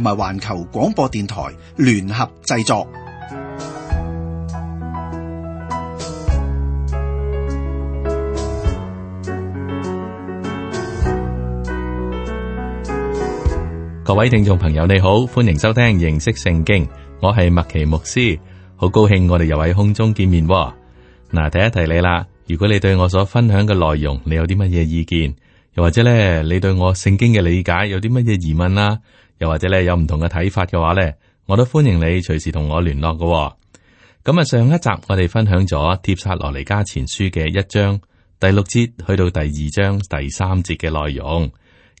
同埋環球廣播電台聯合製作。各位聽眾朋友，你好，歡迎收聽認識聖經。我係麥奇牧師，好高興我哋又喺空中見面。嗱，第一提你啦，如果你對我所分享嘅內容，你有啲乜嘢意見，又或者咧，你對我聖經嘅理解有啲乜嘢疑問啦。又或者咧有唔同嘅睇法嘅話咧，我都歡迎你隨時同我聯絡嘅、哦。咁啊，上一集我哋分享咗帖撒羅尼迦前書嘅一章第六節去到第二章第三節嘅內容。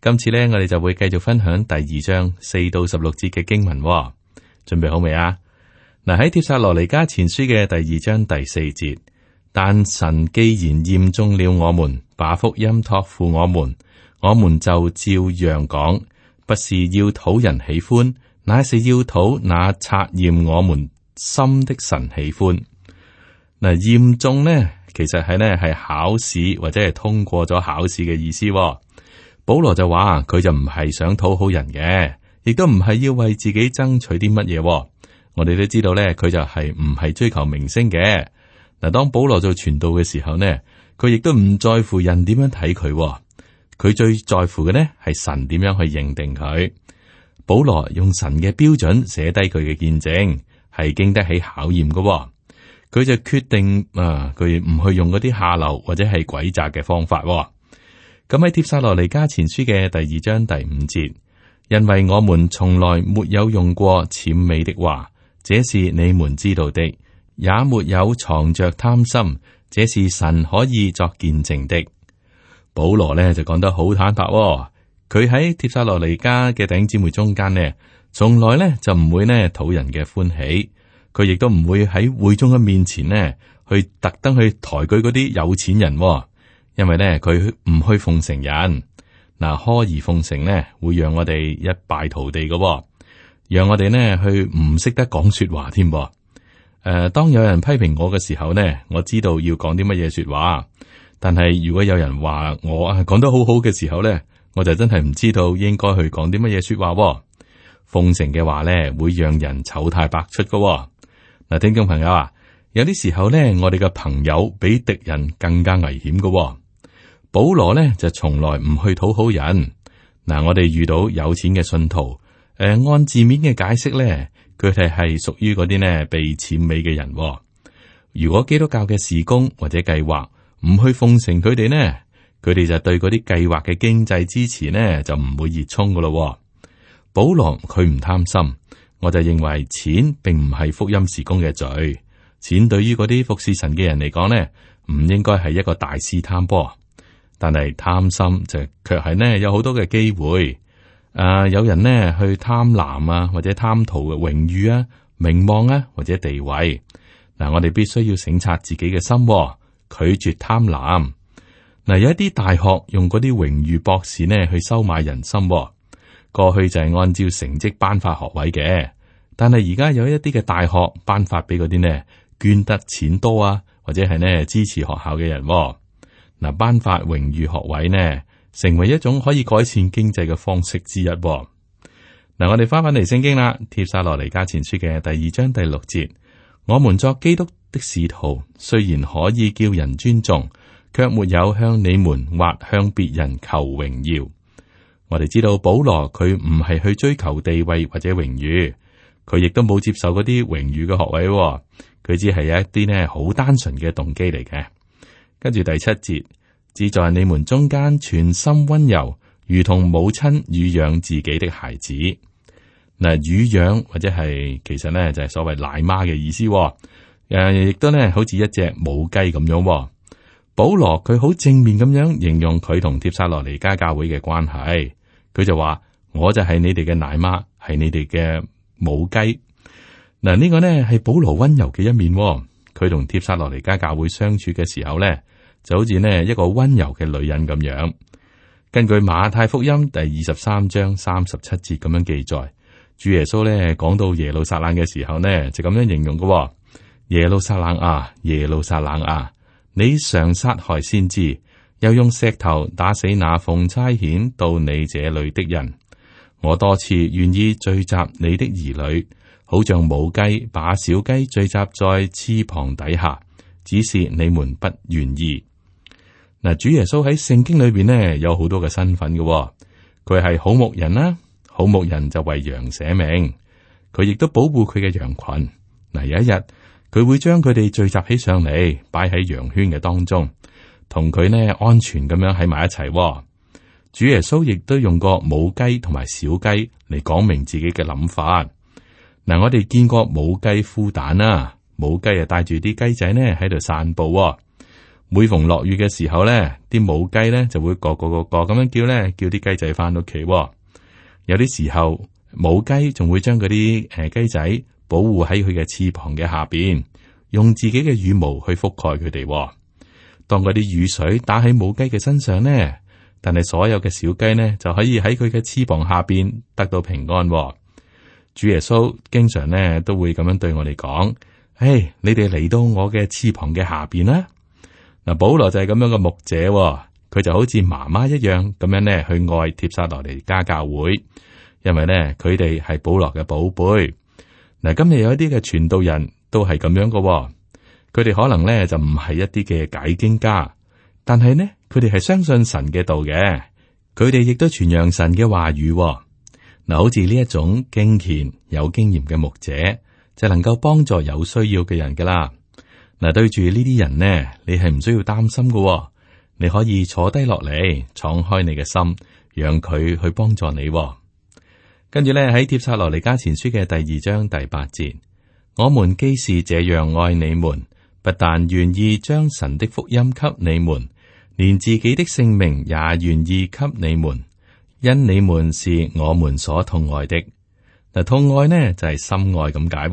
今次咧，我哋就會繼續分享第二章四到十六節嘅經文、哦。準備好未啊？嗱，喺帖撒羅尼迦前書嘅第二章第四節，但神既然驗中了我們，把福音託付我們，我們就照樣講。不是要討人喜歡，乃是要討那察驗我們心的神喜歡。嗱，驗眾呢，其實係呢係考試或者係通過咗考試嘅意思。保羅就話，佢就唔係想討好人嘅，亦都唔係要為自己爭取啲乜嘢。我哋都知道呢，佢就係唔係追求名聲嘅。嗱，當保羅做傳道嘅時候呢，佢亦都唔在乎人點樣睇佢。佢最在乎嘅呢係神點樣去認定佢。保羅用神嘅標準寫低佢嘅見證，係經得起考驗嘅、哦。佢就決定啊，佢、呃、唔去用嗰啲下流或者係詭詐嘅方法、哦。咁喺帖撒羅尼迦前書嘅第二章第五節，因為我們從來沒有用過諂媚的話，這是你們知道的，也沒有藏着貪心，這是神可以作見證的。保羅咧就講得好坦白、哦，佢喺帖撒羅尼迦嘅弟兄姊妹中間呢，從來呢就唔會呢討人嘅歡喜，佢亦都唔會喺會中嘅面前呢去特登去抬舉嗰啲有錢人、哦，因為呢佢唔去奉承人。嗱，阿諛奉承呢會讓我哋一敗塗地嘅、哦，讓我哋呢去唔識得講說話添、哦。誒、呃，當有人批評我嘅時候呢，我知道要講啲乜嘢說話。但係，如果有人話我係講得好好嘅時候咧，我就真係唔知道應該去講啲乜嘢說話。奉承嘅話咧，會讓人醜態百出噶。嗱，聽眾朋友啊，有啲時候咧，我哋嘅朋友比敵人更加危險噶。保羅咧就從來唔去討好人嗱、呃。我哋遇到有錢嘅信徒，誒、呃，按字面嘅解釋咧，佢哋係屬於嗰啲呢被諂媚嘅人。如果基督教嘅事工或者計劃。唔去奉承佢哋呢，佢哋就對嗰啲計劃嘅經濟支持呢就唔會熱衷噶咯。保羅佢唔貪心，我就認為錢並唔係福音事工嘅罪。錢對於嗰啲服侍神嘅人嚟講呢唔應該係一個大試探噃，但係貪心就卻係呢有好多嘅機會。誒、呃，有人呢去貪婪啊，或者貪圖嘅榮譽啊、名望啊或者地位嗱，我哋必須要省察自己嘅心、啊。拒絕貪婪嗱、啊，有一啲大學用嗰啲榮譽博士呢去收買人心、哦。過去就係按照成績頒發學位嘅，但係而家有一啲嘅大學頒發俾嗰啲呢捐得錢多啊，或者係呢支持學校嘅人、哦。嗱、啊，頒發榮譽學位呢，成為一種可以改善經濟嘅方式之一、哦。嗱、啊，我哋翻返嚟聖經啦，帖撒羅尼迦前書嘅第二章第六節。我們作基督的使徒，雖然可以叫人尊重，卻沒有向你們或向別人求榮耀。我哋知道保羅佢唔係去追求地位或者榮譽，佢亦都冇接受嗰啲榮譽嘅學位，佢只係有一啲呢好單純嘅動機嚟嘅。跟住第七節，只在你們中間全心溫柔，如同母親乳養自己的孩子。嗱，乳養或者係其實呢，就係所謂奶媽嘅意思、哦，誒、呃，亦都呢，好似一隻母雞咁樣、哦。保羅佢好正面咁樣形容佢同帖撒羅尼迦教會嘅關係，佢就話：我就係你哋嘅奶媽，係你哋嘅母雞。嗱、呃，呢、這個呢，係保羅温柔嘅一面、哦。佢同帖撒羅尼迦教會相處嘅時候呢，就好似呢一個温柔嘅女人咁樣。根據馬太福音第二十三章三十七節咁樣記載。主耶穌咧講到耶路撒冷嘅時候呢，就咁樣形容嘅：耶路撒冷啊，耶路撒冷啊，你常殺害先知，又用石頭打死那奉差遣到你這裏的人。我多次願意聚集你的兒女，好像母雞把小雞聚集在翅膀底下，只是你們不願意。嗱，主耶穌喺聖經裏邊呢，有好多嘅身份嘅，佢係好牧人啦、啊。好牧人就為羊寫名，佢亦都保護佢嘅羊群。嗱、啊，有一日佢會將佢哋聚集起上嚟，擺喺羊圈嘅當中，同佢呢安全咁樣喺埋一齊。主耶穌亦都用個母雞同埋小雞嚟講明自己嘅諗法。嗱、啊，我哋見過母雞孵蛋啦，母雞啊帶住啲雞仔呢喺度散步。每逢落雨嘅時候呢，啲母雞呢就會咯咯咯咯咁樣叫呢，叫啲雞仔翻屋企。有啲時候母雞仲會將嗰啲誒雞仔保護喺佢嘅翅膀嘅下邊，用自己嘅羽毛去覆蓋佢哋。當嗰啲雨水打喺母雞嘅身上呢，但係所有嘅小雞呢，就可以喺佢嘅翅膀下邊得到平安，哦。主耶穌經常呢都會咁樣對我哋講：誒、hey，你哋嚟到我嘅翅膀嘅下邊啦。嗱、哦，保羅就係咁樣嘅牧者。佢就好似媽媽一樣咁樣咧，去愛帖撒羅尼迦教會，因為咧佢哋係保羅嘅寶貝。嗱，今日有一啲嘅傳道人都係咁樣噶喎，佢哋可能咧就唔係一啲嘅解經家，但係呢，佢哋係相信神嘅道嘅，佢哋亦都傳揚神嘅話語喎。嗱，好似呢一種敬虔有經驗嘅牧者，就能夠幫助有需要嘅人噶啦。嗱，對住呢啲人呢，你係唔需要擔心噶喎。你可以坐低落嚟，敞開你嘅心，讓佢去幫助你。跟住咧，喺帖撒羅尼迦前書嘅第二章第八節，我們既是這樣愛你們，不但願意將神的福音給你們，連自己的性命也願意給你們，因你們是我們所痛愛的。嗱，痛愛呢就係、是、深愛咁解。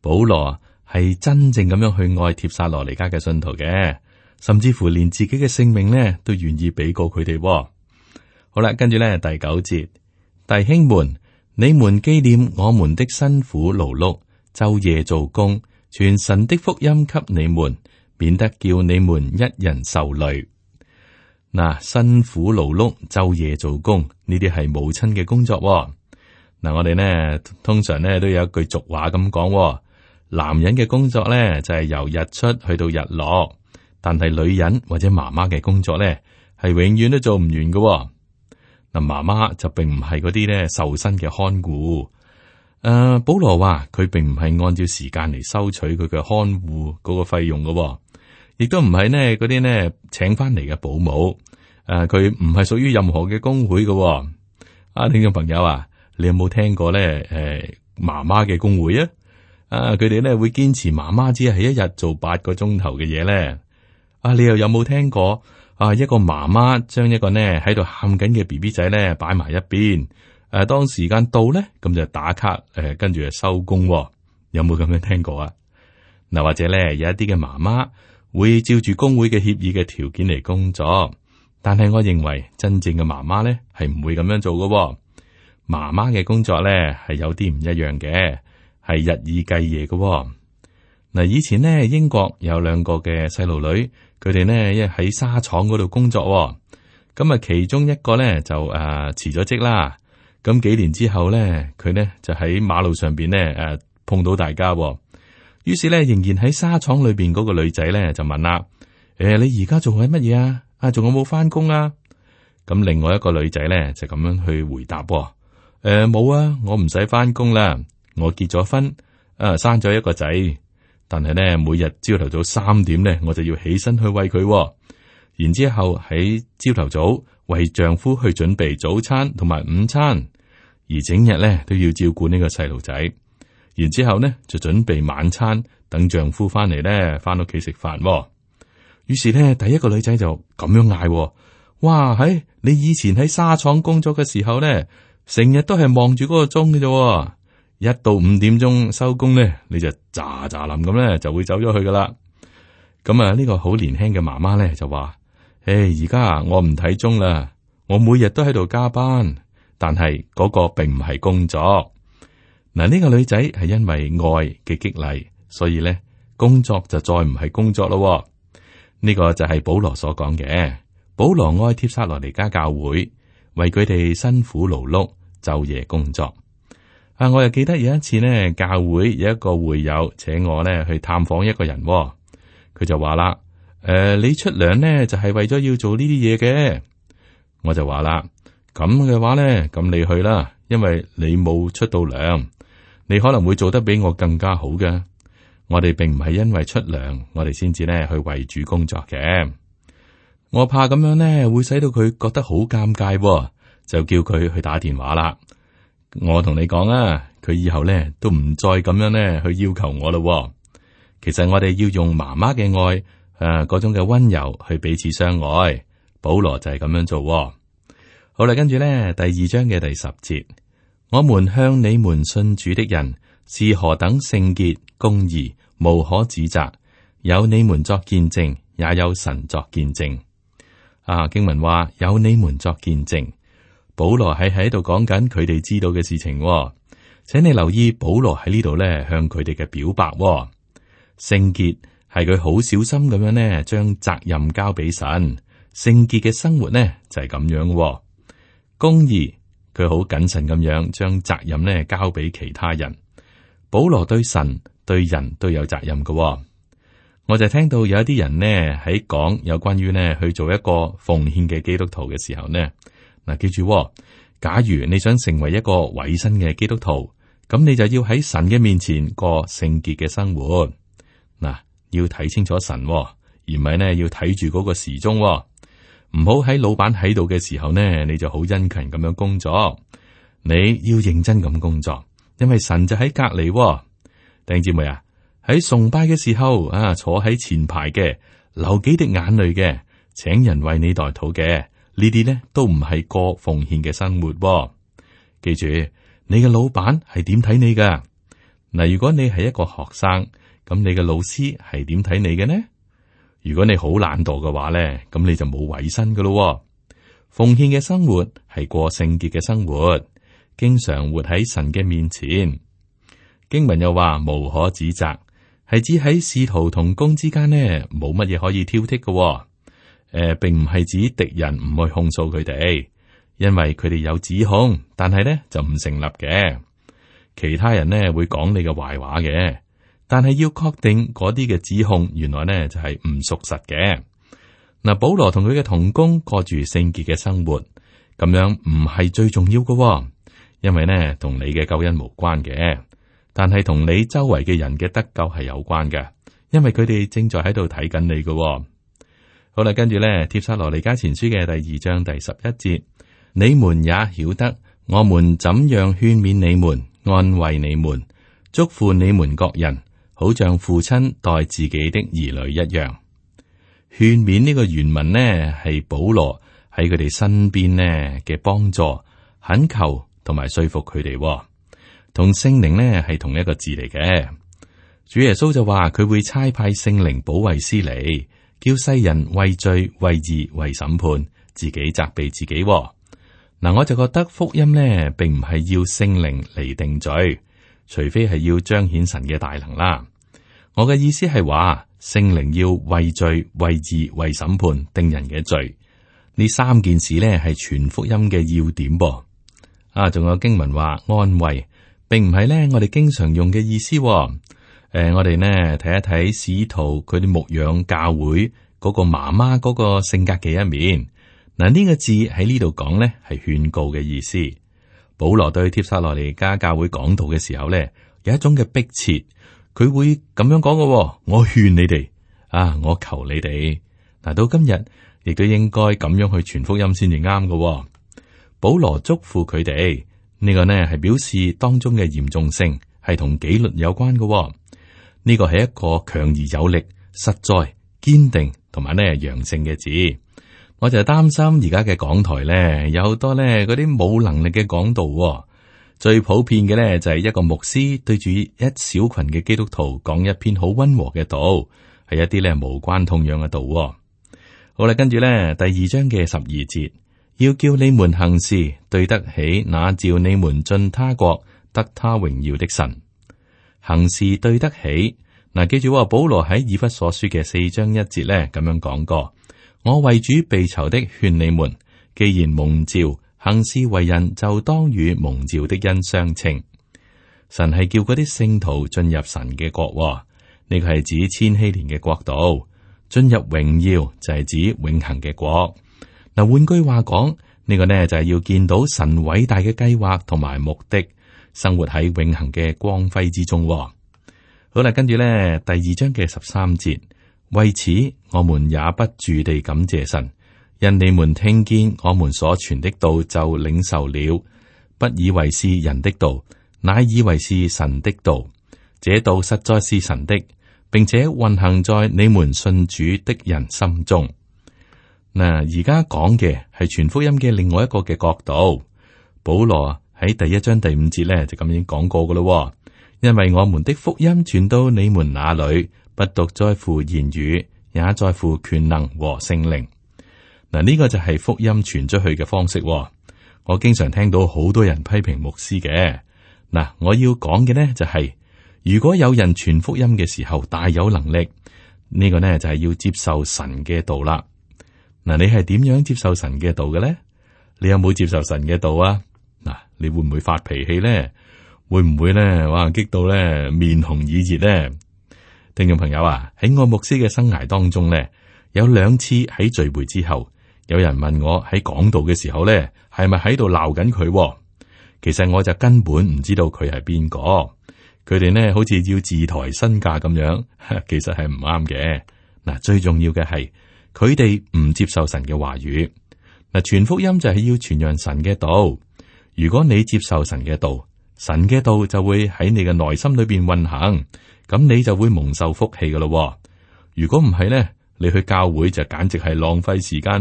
保羅係真正咁樣去愛帖撒羅尼迦嘅信徒嘅。甚至乎連自己嘅性命呢都願意俾過佢哋、哦。好啦，跟住呢第九節，弟兄們，你們紀念我們的辛苦勞碌，晝夜做工，傳神的福音給你們，免得叫你們一人受累。嗱、呃，辛苦勞碌，晝夜做工呢啲係母親嘅工作、哦。嗱、呃，我哋呢通常呢都有一句俗話咁講、哦，男人嘅工作呢，就係、是、由日出去到日落。但係女人或者媽媽嘅工作咧，係永遠都做唔完嘅。嗱，媽媽就並唔係嗰啲咧，受身嘅看護。誒、啊，保羅話佢並唔係按照時間嚟收取佢嘅看護嗰個費用嘅、哦，亦都唔係呢嗰啲咧請翻嚟嘅保姆。誒、啊，佢唔係屬於任何嘅工會嘅、哦。啊，聽眾朋友啊，你有冇聽過咧？誒、啊，媽媽嘅工會啊？啊，佢哋咧會堅持媽媽只係一日做八個鐘頭嘅嘢咧。啊！你又有冇聽過啊？一個媽媽將一個呢喺度喊緊嘅 B B 仔咧擺埋一邊，誒、啊，當時間到咧，咁就打卡，誒、呃，跟住就收工、哦。有冇咁樣聽過啊？嗱、啊，或者咧有一啲嘅媽媽會照住工會嘅協議嘅條件嚟工作，但係我認為真正嘅媽媽咧係唔會咁樣做㗎、哦。媽媽嘅工作咧係有啲唔一樣嘅，係日以繼夜㗎、哦。嗱、啊，以前咧英國有兩個嘅細路女。佢哋咧一喺沙廠嗰度工作，咁啊其中一個咧就誒辭咗職啦。咁、呃、幾年之後咧，佢咧就喺馬路上邊咧誒碰到大家，於是咧仍然喺沙廠裏邊嗰個女仔咧就問啦：誒、呃，你而家做緊乜嘢啊？啊，仲有冇翻工啊？咁另外一個女仔咧就咁樣去回答：誒、呃，冇啊，我唔使翻工啦，我結咗婚，誒、呃，生咗一個仔。但係咧，每日朝頭早三點咧，我就要起身去餵佢、哦，然之後喺朝頭早為丈夫去準備早餐同埋午餐，而整日咧都要照顧呢個細路仔，然之後咧就準備晚餐，等丈夫翻嚟咧翻屋企食飯、哦。於是咧，第一個女仔就咁樣嗌：哇，喺、哎、你以前喺沙廠工作嘅時候咧，成日都係望住嗰個鐘嘅啫、哦。一到五點鐘收工呢，你就咋咋淋咁呢，就會走咗去噶啦。咁啊，呢個好年輕嘅媽媽呢，就話：唉，而家啊，我唔睇鐘啦，我每日都喺度加班，但係嗰個並唔係工作。嗱、啊、呢、這個女仔係因為愛嘅激勵，所以呢，工作就再唔係工作咯、啊。呢、這個就係保羅所講嘅，保羅愛帖撒羅尼迦教會，為佢哋辛苦勞碌，晝夜工作。但我又記得有一次呢，教會有一個會友請我呢去探訪一個人喎，佢就話啦：誒，你出糧呢，就係為咗要做呢啲嘢嘅。我就話啦：咁嘅話呢，咁你去啦，因為你冇出到糧，你可能會做得比我更加好嘅。我哋並唔係因為出糧，我哋先至呢去為主工作嘅。我怕咁樣呢，會使到佢覺得好尷尬喎，就叫佢去打電話啦。我同你講啊，佢以後咧都唔再咁樣咧去要求我啦、哦。其實我哋要用媽媽嘅愛，誒、啊，嗰種嘅温柔去彼此相愛。保羅就係咁樣做、哦。好啦，跟住咧第二章嘅第十節，我們向你們信主的人是何等聖潔、公義、無可指責，有你們作見證，也有神作見證。啊，經文話有你們作見證。保羅喺喺度講緊佢哋知道嘅事情、哦，請你留意保羅喺呢度咧向佢哋嘅表白、哦。聖潔係佢好小心咁樣咧將責任交俾神。聖潔嘅生活咧就係咁樣、哦。公義，佢好謹慎咁樣將責任咧交俾其他人。保羅對神對人都有責任嘅、哦。我就聽到有一啲人呢喺講有關於呢去做一個奉獻嘅基督徒嘅時候呢。嗱，記住，假如你想成為一個委身嘅基督徒，咁你就要喺神嘅面前過聖潔嘅生活。嗱，要睇清楚神，而唔係呢，要睇住嗰個時鐘。唔好喺老闆喺度嘅時候呢，你就好殷勤咁樣工作。你要認真咁工作，因為神就喺隔籬。弟兄姊妹啊，喺崇拜嘅時候啊，坐喺前排嘅，流幾滴眼淚嘅，請人為你代禱嘅。呢啲呢都唔係過奉獻嘅生活。哦，記住你嘅老闆係點睇你噶？嗱，如果你係一個學生，咁你嘅老師係點睇你嘅呢？如果你好懶惰嘅話呢，咁你就冇衛生噶咯。奉獻嘅生活係過聖潔嘅生活，經常活喺神嘅面前。經文又話無可指責，係指喺使徒同工之間呢，冇乜嘢可以挑剔嘅。哦。誒、呃，並唔係指敵人唔去控訴佢哋，因為佢哋有指控，但係咧就唔成立嘅。其他人咧會講你嘅壞話嘅，但係要確定嗰啲嘅指控原來咧就係唔屬實嘅。嗱，保羅同佢嘅同工過住聖潔嘅生活，咁樣唔係最重要噶、哦，因為咧同你嘅救恩無關嘅，但係同你周圍嘅人嘅得救係有關嘅，因為佢哋正在喺度睇緊你噶、哦。好啦，跟住咧，帖撒羅尼迦前書嘅第二章第十一節，你們也曉得，我們怎樣勸勉你們、安慰你們、祝福你們各人，好像父親待自己的兒女一樣。勸勉呢個原文呢係保羅喺佢哋身邊呢嘅幫助、懇求同埋說服佢哋，同聖靈呢係同一個字嚟嘅。主耶穌就話佢會差派聖靈保惠師嚟。叫世人為罪為義為審判，自己責備自己。嗱，我就覺得福音咧，並唔係要聖靈嚟定罪，除非係要彰顯神嘅大能啦。我嘅意思係話，聖靈要為罪為義為審判定人嘅罪，呢三件事咧係全福音嘅要點噃。啊，仲有經文話安慰，並唔係咧我哋經常用嘅意思。誒、呃，我哋呢睇一睇使徒佢哋牧養教會嗰個媽媽嗰個性格嘅一面。嗱，呢個字喺呢度講呢係勸告嘅意思。保羅對帖撒羅尼迦教會講道嘅時候呢，有一種嘅迫切，佢會咁樣講嘅、哦。我勸你哋啊，我求你哋嗱，到今日亦都應該咁樣去傳福音先至啱嘅。保羅囑咐佢哋呢個呢係表示當中嘅嚴重性，係同紀律有關嘅、哦。呢個係一個強而有力、實在、堅定同埋咧陽性嘅字。我就係擔心而家嘅港台呢，有好多呢嗰啲冇能力嘅講道。最普遍嘅呢，就係一個牧師對住一小群嘅基督徒講一篇好溫和嘅道，係一啲呢無關痛癢嘅道。好啦，跟住呢，第二章嘅十二節，要叫你們行事對得起那召你們進他國得他榮耀的神。行事對得起。嗱，記住話保羅喺以弗所書嘅四章一節呢，咁樣講過：我為主被囚的勸你們，既然蒙召行事為人，就當與蒙召的恩相稱。神係叫嗰啲聖徒進入神嘅國。哦，呢、呢個係指千禧年嘅國度，進入榮耀就係指永恆嘅國。嗱，換句話講，呢、呢個呢，就係、係、要見到神偉大嘅計劃同埋目的。生活喺永恆嘅光輝之中，哦。好啦，跟住咧，第二章嘅十三節，為此我們也不住地感謝神，因你們聽見我們所傳的道，就領受了，不以為是人的道，乃以為是神的道。這道實在是神的，並且運行在你們信主的人心中。嗱，呃，而家講嘅係傳福音嘅另外一個嘅角度，保羅。喺第一章第五節咧，就咁樣講過噶啦。因為我們的福音傳到你們那裏，不獨在乎言語，也在乎權能和聖靈。嗱，呢個就係福音傳出去嘅方式。我經常聽到好多人批評牧師嘅。嗱，我要講嘅呢，就係，如果有人傳福音嘅時候大有能力，呢個呢，就係要接受神嘅道啦。嗱，你係點樣接受神嘅道嘅呢？你有冇接受神嘅道啊？嗱、啊，你會唔會發脾氣咧？會唔會咧？哇，激到咧，面紅耳熱咧。聽眾朋友啊，喺我牧師嘅生涯當中咧，有兩次喺聚會之後，有人問我喺講道嘅時候咧，係咪喺度鬧緊佢。其實我就根本唔知道佢係邊個。佢哋呢，好似要自抬身價咁樣，其實係唔啱嘅。嗱、啊，最重要嘅係佢哋唔接受神嘅話語嗱，傳、啊、福音就係要傳揚神嘅道。如果你接受神嘅道，神嘅道就會喺你嘅內心裏邊運行，咁你就會蒙受福氣嘅咯。如果唔係呢，你去教會就簡直係浪費時間。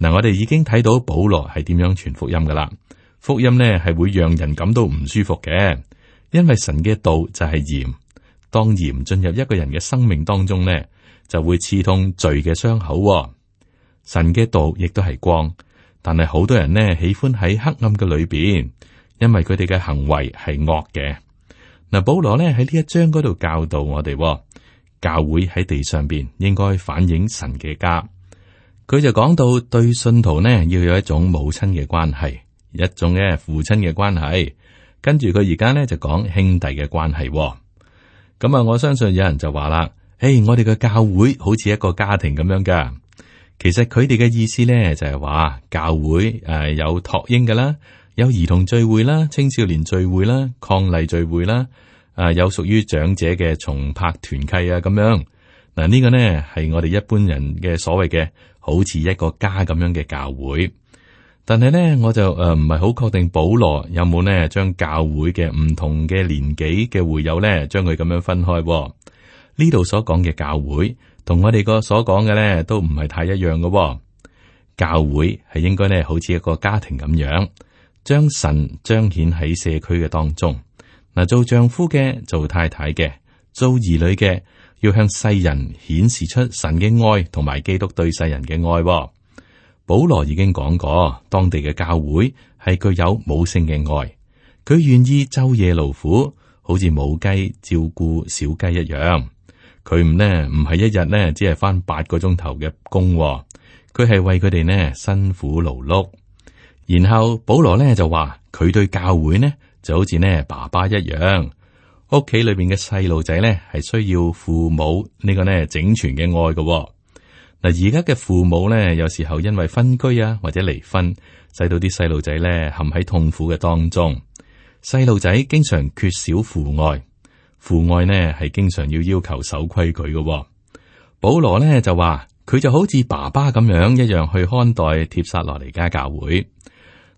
嗱，我哋已經睇到保羅係點樣傳福音噶啦，福音呢，係會讓人感到唔舒服嘅，因為神嘅道就係鹽，當鹽進入一個人嘅生命當中呢，就會刺痛罪嘅傷口。神嘅道亦都係光。但係好多人呢，喜歡喺黑暗嘅裏邊，因為佢哋嘅行為係惡嘅。嗱，保羅咧喺呢一章嗰度教導我哋，教會喺地上邊應該反映神嘅家。佢就講到對信徒呢，要有一種母親嘅關係，一種呢父親嘅關係。跟住佢而家呢，就講兄弟嘅關係。咁啊，我相信有人就話啦：誒，我哋嘅教會好似一個家庭咁樣噶。其實佢哋嘅意思咧就係話教會誒有托嬰噶啦，有兒童聚會啦，青少年聚會啦，伉儷聚會啦，啊有屬於長者嘅重拍團契啊咁樣嗱呢個呢係我哋一般人嘅所謂嘅好似一個家咁樣嘅教會，但係呢，我就誒唔係好確定保羅有冇呢將教會嘅唔同嘅年紀嘅會友呢，將佢咁樣分開呢度所講嘅教會。同我哋個所講嘅咧，都唔係太一樣嘅、哦。教會係應該咧，好似一個家庭咁樣，將神彰顯喺社區嘅當中。嗱，做丈夫嘅，做太太嘅，做兒女嘅，要向世人顯示出神嘅愛，同埋基督對世人嘅愛、哦。保羅已經講過，當地嘅教會係具有母性嘅愛，佢願意晝夜勞苦，好似母雞照顧小雞一樣。佢唔咧，唔係一日咧，只係返八個鐘頭嘅工、哦。佢係為佢哋咧辛苦勞碌。然後保羅呢就話，佢對教會呢就好似呢爸爸一樣，屋企裏邊嘅細路仔呢係需要父母呢、呢個呢整全嘅愛嘅、哦。嗱，而家嘅父母呢，有時候因為分居啊或者離婚，使到啲細路仔呢陷喺痛苦嘅當中。細路仔經常缺少父愛。父愛呢係經常要要求守規矩嘅喎，保羅呢就話佢就好似爸爸咁樣一樣，一樣去看待帖撒羅尼迦教會。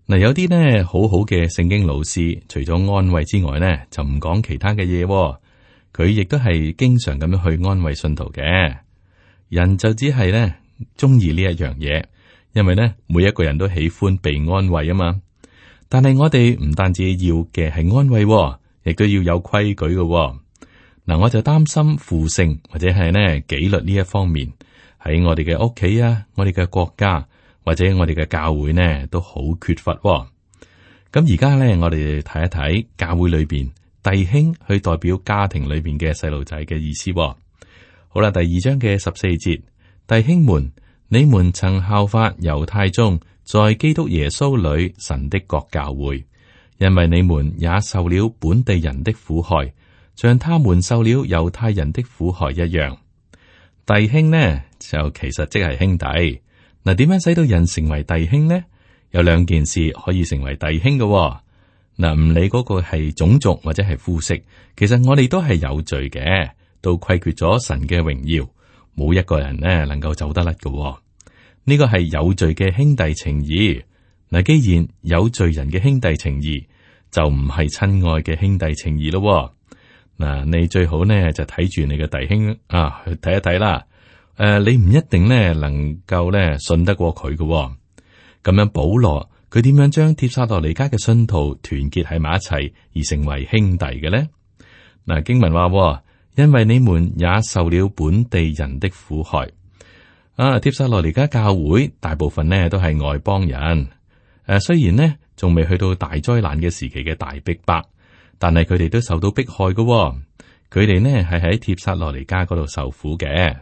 嗱，有啲呢好好嘅聖經老師，除咗安慰之外呢，就唔講其他嘅嘢喎。佢亦都係經常咁樣去安慰信徒嘅。人就只係呢中意呢一樣嘢，因為呢每一個人都喜歡被安慰啊嘛。但係我哋唔單止要嘅係安慰喎。亦都要有規矩嘅、哦，嗱，我就擔心父性或者係呢紀律呢一方面喺我哋嘅屋企啊，我哋嘅國家或者我哋嘅教會呢都好缺乏、哦。咁而家呢，我哋睇一睇教會裏邊弟兄去代表家庭裏邊嘅細路仔嘅意思、哦。好啦，第二章嘅十四節，弟兄們，你們曾效法猶太中，在基督耶穌裏神的國教會。因為你們也受了本地人的苦害，像他們受了猶太人的苦害一樣。弟兄呢就其實即係兄弟。嗱，點樣使到人成為弟兄呢？有兩件事可以成為弟兄㗎喎。嗱，唔理嗰個係種族或者係膚色，其實我哋都係有罪嘅，都虧缺咗神嘅榮耀。冇一個人呢能夠走得甩㗎喎。呢個係有罪嘅兄弟情誼。嗱，既然有罪人嘅兄弟情誼就唔係親愛嘅兄弟情誼咯。嗱，你最好呢，就睇住你嘅弟兄啊，去睇一睇啦。誒、啊，你唔一定呢，能夠呢，信得過佢嘅咁樣羅。保羅佢點樣將帖撒羅尼迦嘅信徒團結喺埋一齊，而成為兄弟嘅呢？嗱、啊，經文話、啊，因為你們也受了本地人的苦害啊。帖撒羅尼迦教會大部分呢，都係外邦人。誒，雖然呢，仲未去到大災難嘅時期嘅大逼迫，但係佢哋都受到迫害嘅哦。佢哋呢係喺帖撒羅尼迦嗰度受苦嘅。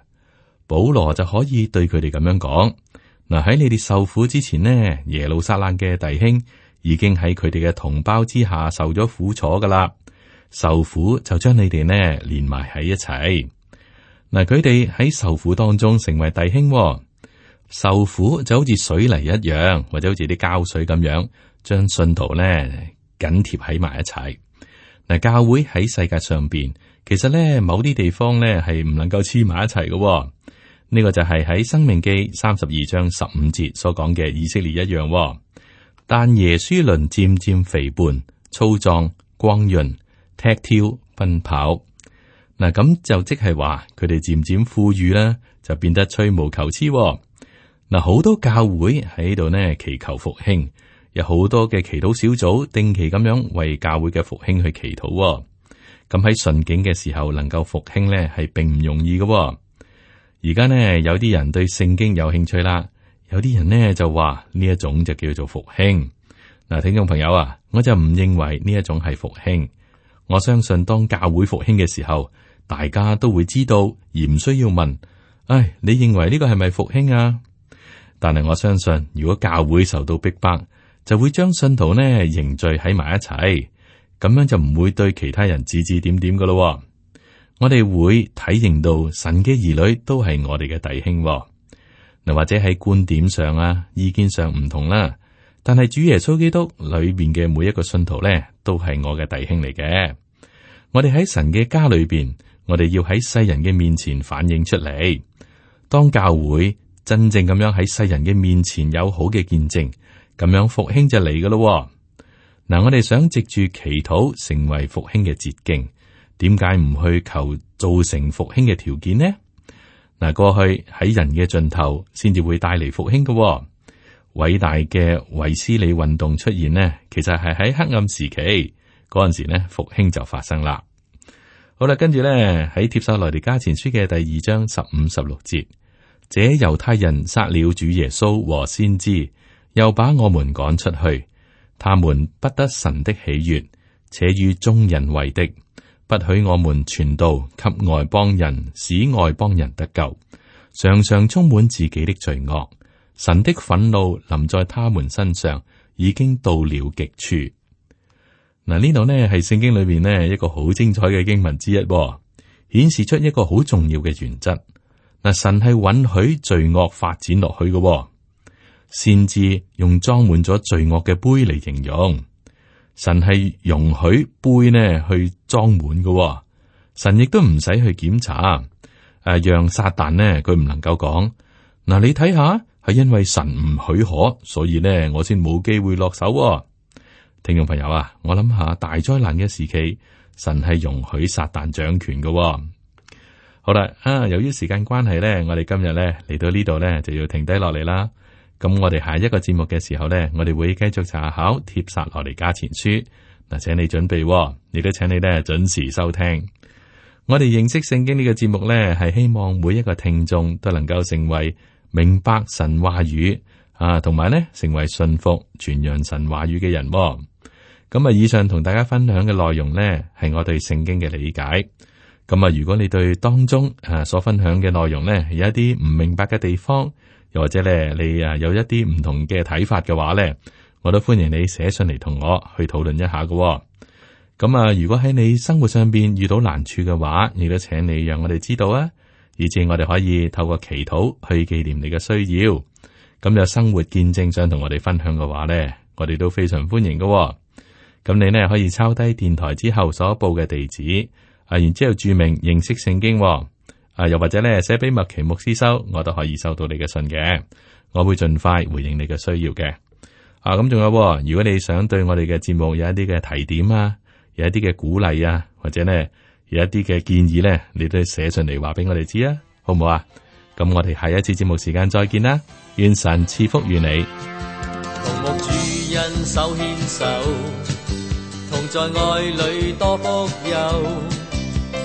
保羅就可以對佢哋咁樣講：嗱，喺你哋受苦之前呢，耶路撒冷嘅弟兄已經喺佢哋嘅同胞之下受咗苦楚噶啦。受苦就將你哋呢連埋喺一齊。嗱，佢哋喺受苦當中成為弟兄哦。受苦就好似水泥一樣，或者好似啲膠水咁樣，將信徒咧緊貼喺埋一齊。嗱，教會喺世界上邊，其實咧某啲地方咧係唔能夠黐埋一齊嘅、哦。呢、呢個就係喺《生命記》三十二章十五節所講嘅以色列一樣、哦。但耶書崙漸漸肥胖、粗壯、光潤、踢跳、奔跑。嗱、嗯，咁就即係話佢哋漸漸富裕啦，就變得吹毛求疵、哦。嗱，好多教會喺度咧，祈求復興，有好多嘅祈禱小組定期咁樣為教會嘅復興去祈禱喎。咁喺順境嘅時候能夠復興呢係並唔容易㗎喎。而家呢，有啲人對聖經有興趣啦，有啲人呢就話呢一種就叫做復興嗱。聽眾朋友啊，我就唔認為呢一種係復興。我相信當教會復興嘅時候，大家都會知道而唔需要問。唉，你認為呢個係咪復興啊？但係我相信，如果教會受到逼迫，就會將信徒呢凝聚喺埋一齊，咁樣就唔會對其他人指指點點噶咯。我哋會體認到神嘅兒女都係我哋嘅弟兄。嗱，或者喺觀點上啊、意見上唔同啦，但係主耶穌基督裏邊嘅每一個信徒呢，都係我嘅弟兄嚟嘅。我哋喺神嘅家裏邊，我哋要喺世人嘅面前反映出嚟，當教會。真正咁樣喺世人嘅面前有好嘅見證，咁樣復興就嚟㗎咯。嗱、啊，我哋想藉住祈禱成為復興嘅捷徑，點解唔去求造成復興嘅條件呢？嗱、啊，過去喺人嘅盡頭先至會帶嚟復興嘅、啊。偉大嘅維斯里運動出現呢，其實係喺黑暗時期嗰陣時呢，復興就發生啦。好啦，跟住咧喺《帖撒羅尼迦前書》嘅第二章十五十六節。這猶太人殺了主耶穌和先知，又把我們趕出去。他們不得神的喜悅，且與眾人為敵，不許我們傳道給外邦人，使外邦人得救。常常充滿自己的罪惡，神的憤怒臨在他們身上，已經到了極處。嗱，呢度呢係聖經裏面呢一個好精彩嘅經文之一，顯示出一個好重要嘅原則。嗱，神係允許罪惡發展落去㗎喎，先至用裝滿咗罪惡嘅杯嚟形容。神係容許杯呢去裝滿嘅，神亦都唔使去檢查。誒、啊，讓撒旦呢佢唔能夠講。嗱、啊，你睇下，係因為神唔許可，所以呢我先冇機會落手喎。聽眾朋友啊，我諗下大災難嘅時期，神係容許撒旦掌權㗎喎。好啦，啊，由於時間關係呢，我哋今日呢，嚟到呢度呢，就要停低落嚟啦。咁我哋下一個節目嘅時候呢，我哋會繼續查考帖撒羅尼迦前書。嗱，請你準備喎，亦都請你呢，準時收聽。我哋認識聖經呢個節目呢，係希望每一個聽眾都能夠成為明白神話語啊，同埋呢，成為信服傳揚神話語嘅人喎。咁啊，以上同大家分享嘅內容呢，係我對聖經嘅理解。咁啊，如果你對當中啊所分享嘅內容呢，有一啲唔明白嘅地方，又或者呢，你啊有一啲唔同嘅睇法嘅話呢，我都歡迎你寫信嚟同我去討論一下嘅。咁啊，如果喺你生活上邊遇到難處嘅話，亦都請你讓我哋知道啊，以至我哋可以透過祈禱去紀念你嘅需要。咁有生活見證想同我哋分享嘅話呢，我哋都非常歡迎嘅喎。咁你呢，可以抄低電台之後所報嘅地址。啊！然之後註明認識聖經，哦，啊又或者咧寫俾麥奇牧師收，我都可以收到你嘅信嘅，我會盡快回應你嘅需要嘅。啊咁仲，嗯、有、哦，如果你想對我哋嘅節目有一啲嘅提點啊，有一啲嘅鼓勵啊，或者咧有一啲嘅建議咧，你都寫上嚟話俾我哋知啊，好唔好啊？咁我哋下一次節目時間再見啦，願神賜福於你。同木主恩手牽手，同在愛裏多福佑。